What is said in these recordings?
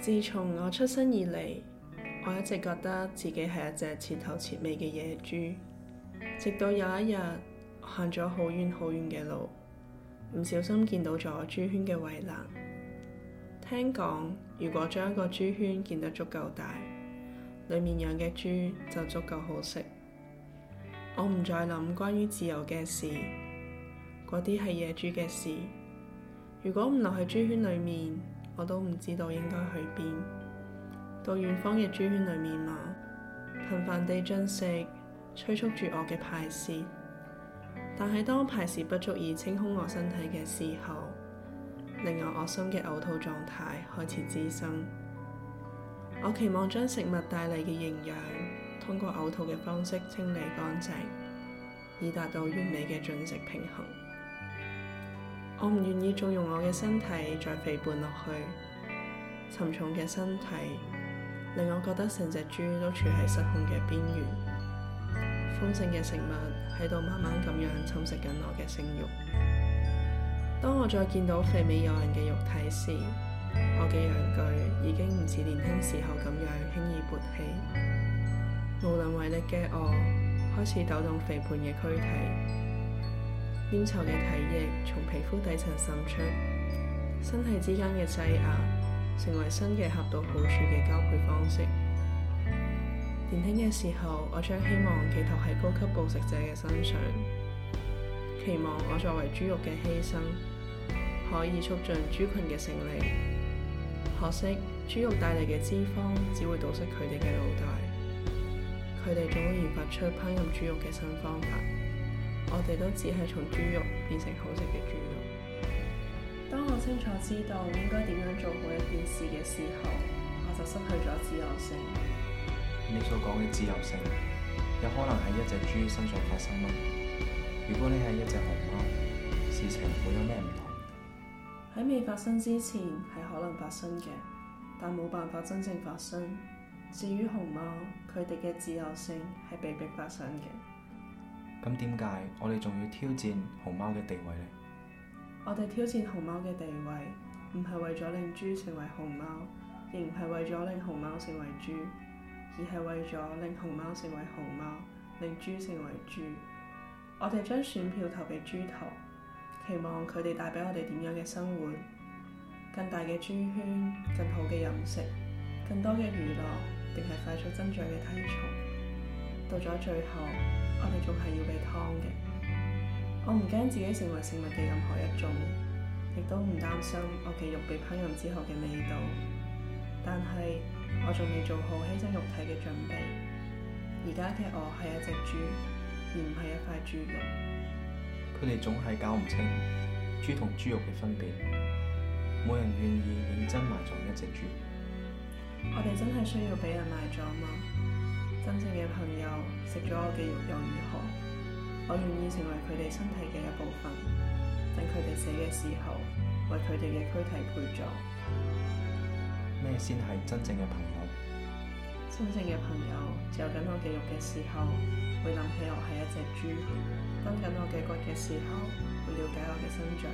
自從我出生以嚟，我一直覺得自己係一隻徹頭徹尾嘅野豬。直到有一日行咗好遠好遠嘅路，唔小心見到咗豬圈嘅圍欄。聽講，如果將一個豬圈建得足夠大，裏面養嘅豬就足夠好食。我唔再諗關於自由嘅事，嗰啲係野豬嘅事。如果唔留喺豬圈裏面，我都唔知道應該去邊。到遠方嘅豬圈裏面啦，頻繁地進食，催促住我嘅排泄。但係當排泄不足以清空我身體嘅時候，令我惡心嘅嘔吐狀態開始滋生。我期望將食物帶嚟嘅營養，通過嘔吐嘅方式清理乾淨，以達到完美嘅進食平衡。我唔願意縱容我嘅身體再肥胖落去，沉重嘅身體令我覺得成隻豬都處喺失控嘅邊緣。豐盛嘅食物喺度慢慢咁樣侵蝕緊我嘅性欲。當我再見到肥美誘人嘅肉體時，我嘅陽具已經唔似年輕時候咁樣輕易勃起。無能為力嘅我開始抖動肥胖嘅軀體。煙稠嘅體液從皮膚底層滲出，身體之間嘅擠壓成為新嘅合到好處嘅交配方式。年輕嘅時候，我將希望寄頭喺高級捕食者嘅身上，期望我作為豬肉嘅犧牲可以促進豬群嘅成利。可惜，豬肉帶嚟嘅脂肪只會堵塞佢哋嘅腦袋，佢哋仲會研發出烹飪豬肉嘅新方法。我哋都只係從豬肉變成好食嘅豬肉。當我清楚知道應該點樣做好一件事嘅時候，我就失去咗自由性。你所講嘅自由性，有可能喺一隻豬身上發生嗎？如果你係一隻熊貓，事情會有咩唔同？喺未發生之前係可能發生嘅，但冇辦法真正發生。至於熊貓，佢哋嘅自由性係被迫發生嘅。咁點解我哋仲要挑戰熊貓嘅地位呢？我哋挑戰熊貓嘅地位，唔係為咗令豬成為熊貓，亦唔係為咗令熊貓成為豬，而係為咗令熊貓成為熊貓，令豬成為豬。我哋將選票投俾豬頭，期望佢哋帶俾我哋點樣嘅生活？更大嘅豬圈、更好嘅飲食、更多嘅娛樂，定係快速增長嘅體重？到咗最後。我們仲係要被劏的我不怕自己成為食物的任何一種，也都不擔心我的肉被烹融之後的味道，但是我還未做好犧牲肉體的準備。現在的我是一隻豬，而不是一塊豬肉。他們總是搞不清豬和豬肉的分別，冇人願意認真埋葬一隻豬。我們真的需要俾人埋葬嗎？真正嘅朋友食咗我嘅肉又如何？我願意成為佢哋身體嘅一部分，等佢哋死嘅時候，為佢哋嘅軀體陪葬。咩先係真正嘅朋友？真正嘅朋友嚼緊我嘅肉嘅時候，會諗起我係一隻豬；啃緊我嘅骨嘅時候，會了解我嘅生長；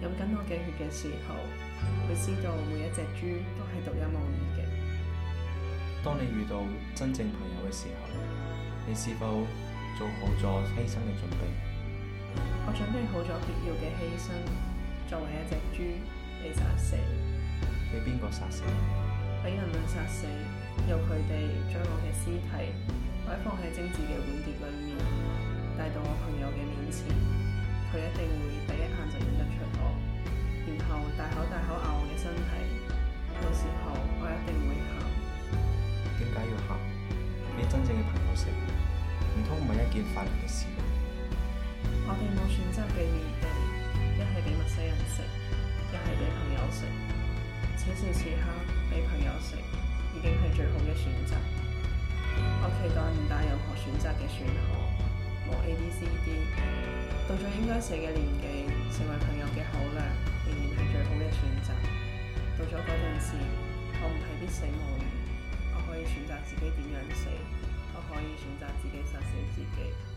飲緊我嘅血嘅時候，會知道每一隻豬都係獨一無二。當你遇到真正朋友嘅時候，你是否做好咗犧牲嘅準備？我準備好咗必要嘅犧牲。作為一隻豬，被殺死。被邊個殺死？俾人類殺死，由佢哋將我嘅屍體擺放喺精緻嘅碗碟裏面，帶到我朋友嘅面前。佢一定會第一眼就認得出我，然後大口大口咬我嘅身體。到時候我一定會喊。點解要喊？俾真正嘅朋友食，唔通唔係一件快樂嘅事？我哋冇選擇嘅餘地，一係俾陌生人食，一係俾朋友食。此時此刻，俾朋友食已經係最好嘅選擇。我期待唔帶任何選擇嘅選項，冇 A、B、C、D。到咗應該死嘅年紀，成為朋友嘅口糧，仍然係最好嘅選擇。到咗嗰陣時，我唔係必，必死無疑。可以選擇自己點樣死，我可以選擇自己殺死自己。